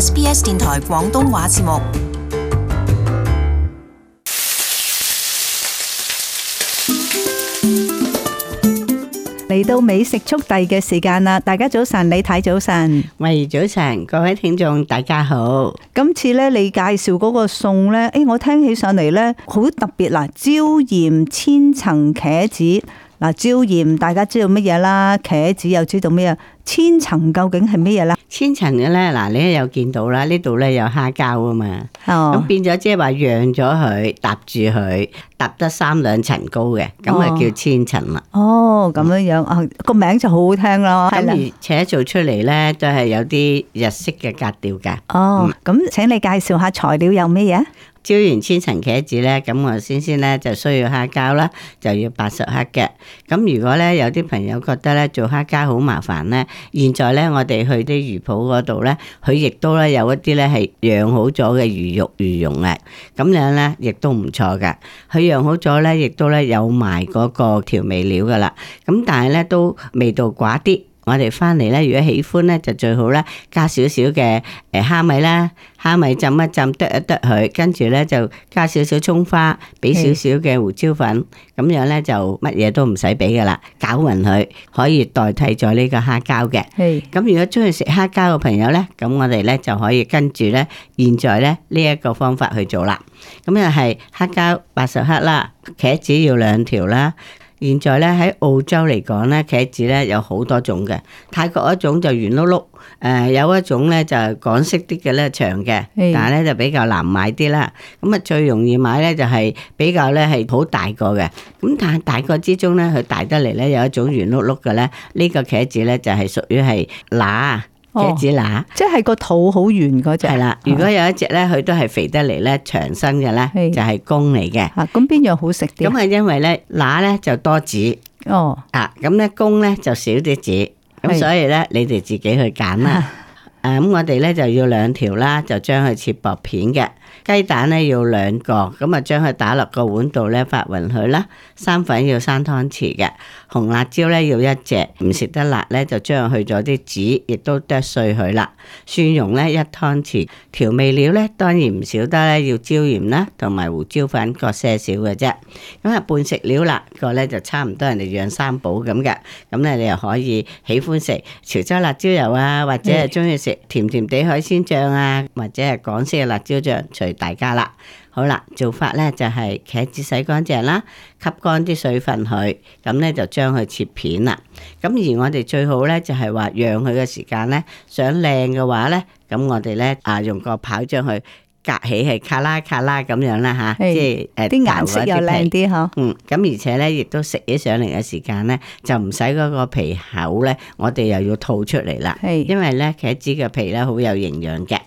SBS 電台廣東話節目，嚟到美食速遞嘅時間啦！大家早晨，李太早晨，喂，早晨，各位聽眾大家好。今次咧，你介紹嗰個餸咧，誒，我聽起上嚟咧，好特別嗱，椒鹽千層茄子。嗱，椒鹽大家知道乜嘢啦，茄子又知道乜嘢？千層究竟係乜嘢啦？千層嘅咧，嗱，你又見到啦，呢度咧有蝦膠啊嘛，咁、oh. 變咗即係話釀咗佢，搭住佢，搭得三兩層高嘅，咁啊叫千層啦。Oh, 哦，咁樣樣，哦個、嗯啊、名就好好聽咯。係啦的，而且做出嚟咧都係有啲日式嘅格調噶。哦、oh, 嗯，咁請你介紹下材料有乜嘢？椒鹽千層茄子咧，咁我先先咧就需要蝦膠啦，就要八十克嘅。咁如果咧有啲朋友覺得咧做蝦膠好麻煩咧，現在咧我哋去啲魚鋪嗰度咧，佢亦都咧有一啲咧係養好咗嘅魚肉魚蓉啊，咁樣咧亦都唔錯嘅。佢養好咗咧，亦都咧有埋嗰個調味料噶啦。咁但係咧都味道寡啲。我哋翻嚟咧，如果喜歡咧，就最好咧，加少少嘅誒蝦米啦，蝦米浸一浸，剁一剁佢，跟住咧就加少少葱花，俾少少嘅胡椒粉，咁樣咧就乜嘢都唔使俾噶啦，攪勻佢可以代替咗呢個蝦膠嘅。咁是如果中意食蝦膠嘅朋友咧，咁我哋咧就可以跟住咧現在咧呢一個方法去做啦。咁又係蝦膠八十克啦，茄子要兩條啦。現在咧喺澳洲嚟講咧，茄子咧有好多種嘅。泰國一種就圓碌碌，誒、呃、有一種咧就係港式啲嘅咧長嘅，但係咧就比較難買啲啦。咁啊最容易買咧就係比較咧係好大個嘅。咁但係大個之中咧，佢大得嚟咧有一種圓碌碌嘅咧，呢個茄子咧就係屬於係乸。茄子乸，即係個肚好圓嗰隻。係啦， 如果有一隻咧，佢都係肥得嚟咧，長身嘅咧，就係公嚟嘅。啊，咁邊樣好食啲？咁係因為咧，乸咧就多子，哦，啊，咁咧公咧就少啲子。咁、哦、所以咧，的你哋自己去揀啦。誒、嗯、我哋咧就要兩條啦，就將佢切薄片嘅。雞蛋咧要兩個，咁啊將佢打落個碗度咧發勻佢啦。生粉要三湯匙嘅。紅辣椒咧要一隻，唔食得辣咧就將佢去咗啲籽，亦都剁碎佢啦。蒜蓉咧一湯匙。調味料咧當然唔少得咧，要椒鹽啦同埋胡椒粉各些少嘅啫。咁、嗯、啊半食料啦，這個咧就差唔多人哋養三寶咁嘅，咁咧你又可以喜歡食潮州辣椒油啊，或者係鍾意食。 甜甜地海鮮醬啊，或者係港式嘅辣椒醬，隨大家啦。好啦，做法呢就係茄子洗乾淨啦，吸乾啲水分佢，咁呢就將佢切片啦。咁而我哋最好呢就係話讓佢嘅時間呢，想靚嘅話呢，咁我哋呢，啊用個刨將佢。夾起係卡拉卡拉咁樣啦吓，啊、是即係是誒，啲顏色又靚啲嗬。啊、嗯，咁而且咧，亦都食起上嚟嘅時間咧，就唔使嗰個皮口咧，我哋又要吐出嚟啦。係是，因為咧，茄子嘅皮咧好有營養嘅。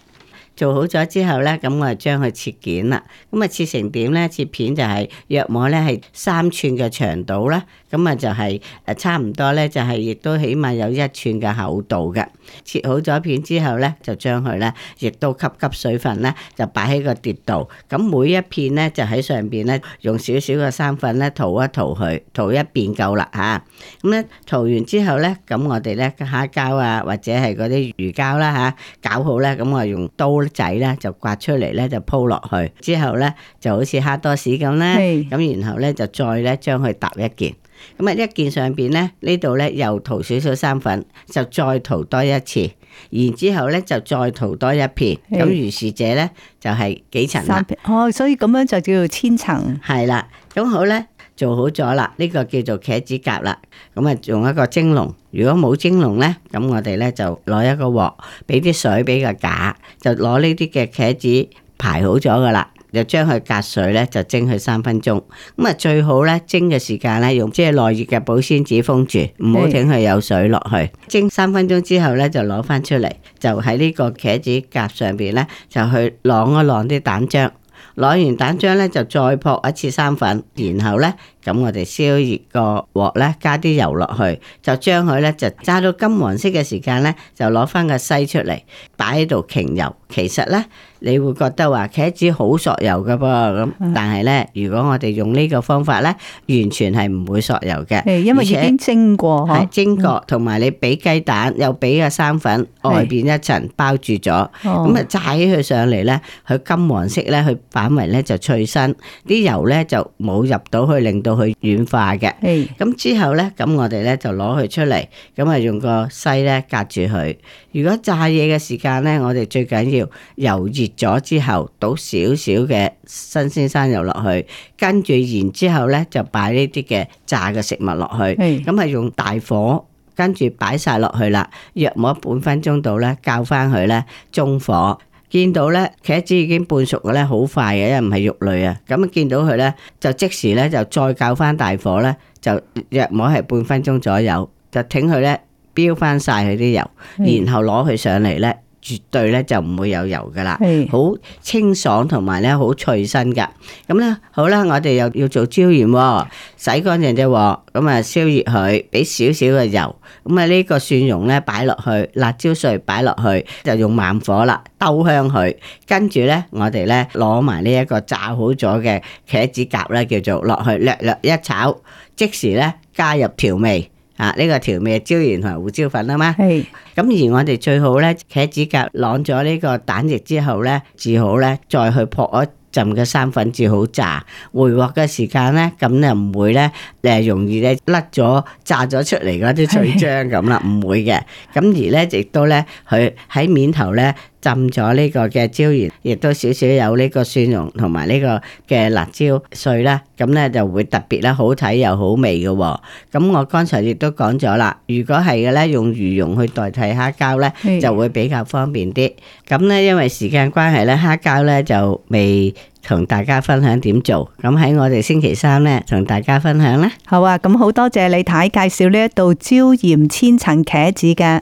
做好咗之後呢，咁我啊將佢切件啦。咁啊切成點呢？切片就係約莫咧，係三寸嘅長度啦。咁啊就係誒差唔多咧，就係、是、亦都起碼有一寸嘅厚度嘅。切好咗片之後呢，就將佢呢，亦都吸吸水分呢，就擺喺個碟度。咁每一片呢，就喺上邊呢，用少少嘅生粉咧塗一塗佢，塗一遍夠啦吓，咁咧塗完之後呢，咁我哋呢，蝦膠啊，或者係嗰啲魚膠啦、啊、吓，搞、啊、好咧，咁我用刀。仔咧就刮出嚟，咧就鋪落去之後咧，就好似蝦多士咁，咧咁然後咧就再咧將佢搭一件咁，啊一件上邊咧，呢度咧又塗少少生粉，就再塗多一次，然之後咧就再塗多一片咁的如是者咧就係、是、幾層啦哦，所以咁樣就叫做千層係啦，咁好咧。做好咗啦，呢個叫做茄子夾啦。咁啊，用一個蒸籠。如果冇蒸籠呢，咁我哋呢就攞一個鑊，俾啲水俾個架，就攞呢啲嘅茄子排好咗噶啦，就將佢隔水呢，就蒸佢三分鐘。咁啊，最好呢，蒸嘅時間呢，用即係耐熱嘅保鮮紙封住，唔好整佢有水落去。Hey. 蒸三分鐘之後呢，就攞翻出嚟，就喺呢個茄子夾上邊呢，就去晾一晾啲蛋漿。攞完蛋漿呢，就再撲一次生粉，然後呢。咁我哋燒熱個鑊咧，加啲油落去，就將佢咧就炸到金黃色嘅時間咧，就攞翻個篩出嚟，擺喺度擎油。其實咧，你會覺得話茄子好索油噶噃，咁但係咧，如果我哋用呢個方法咧，完全係唔會索油嘅。係因為已經蒸過，係蒸過，同埋你俾雞蛋又俾個生粉外邊一層包住咗，咁啊炸起佢上嚟咧，佢金黃色咧，佢反而咧就脆身，啲油咧就冇入到去令到。去軟化嘅，咁的之後呢，咁我哋呢就攞佢出嚟，咁啊用個篩呢隔住佢。如果炸嘢嘅時間呢，我哋最緊要油熱咗之後，倒少少嘅新鮮生油落去，跟住然之後呢就擺呢啲嘅炸嘅食物落去，咁係的用大火，跟住擺晒落去啦，約摸半分鐘到呢，較返佢呢中火。見到咧茄子已經半熟嘅咧，好快嘅，因為唔係肉類啊。咁啊，見到佢咧，就即時咧就再較翻大火咧，就約摸係半分鐘左右，就挺佢咧，飆翻晒佢啲油，嗯、然後攞佢上嚟咧。絕對咧就唔會有油噶啦係，好清爽同埋咧好脆身噶咁咧好啦，我哋又要做椒鹽，洗乾淨隻鑊，咁啊燒熱佢，俾少少嘅油，咁啊呢個蒜蓉咧擺落去，辣椒碎擺落去，就用慢火啦，兜香佢。跟住咧，我哋咧攞埋呢一個炸好咗嘅茄子夾咧，叫做落去略略一炒，即時咧加入調味。啊！呢個調味椒鹽同埋胡椒粉啊嘛，咁是而我哋最好咧，茄子夾撈咗呢個蛋液之後咧，至好咧，再去撲一浸嘅生粉，至好炸，回鑊嘅時間咧，咁就唔會咧誒，容易咧甩咗炸咗出嚟嗰啲脆漿咁啦，唔是會嘅。咁而咧，亦都咧，佢喺面頭咧。浸咗呢個嘅椒鹽，亦都少少有呢個蒜蓉同埋呢個嘅辣椒碎啦，咁呢就會特別啦，好睇又好味噶。咁我剛才亦都講咗啦，如果係嘅呢，用魚蓉去代替蝦膠呢，是就會比較方便啲。咁呢，因為時間關係呢，蝦膠呢就未同大家分享點做，咁喺我哋星期三呢，同大家分享啦。好啊，咁好多謝李太介紹呢一道椒鹽千層茄子嘅。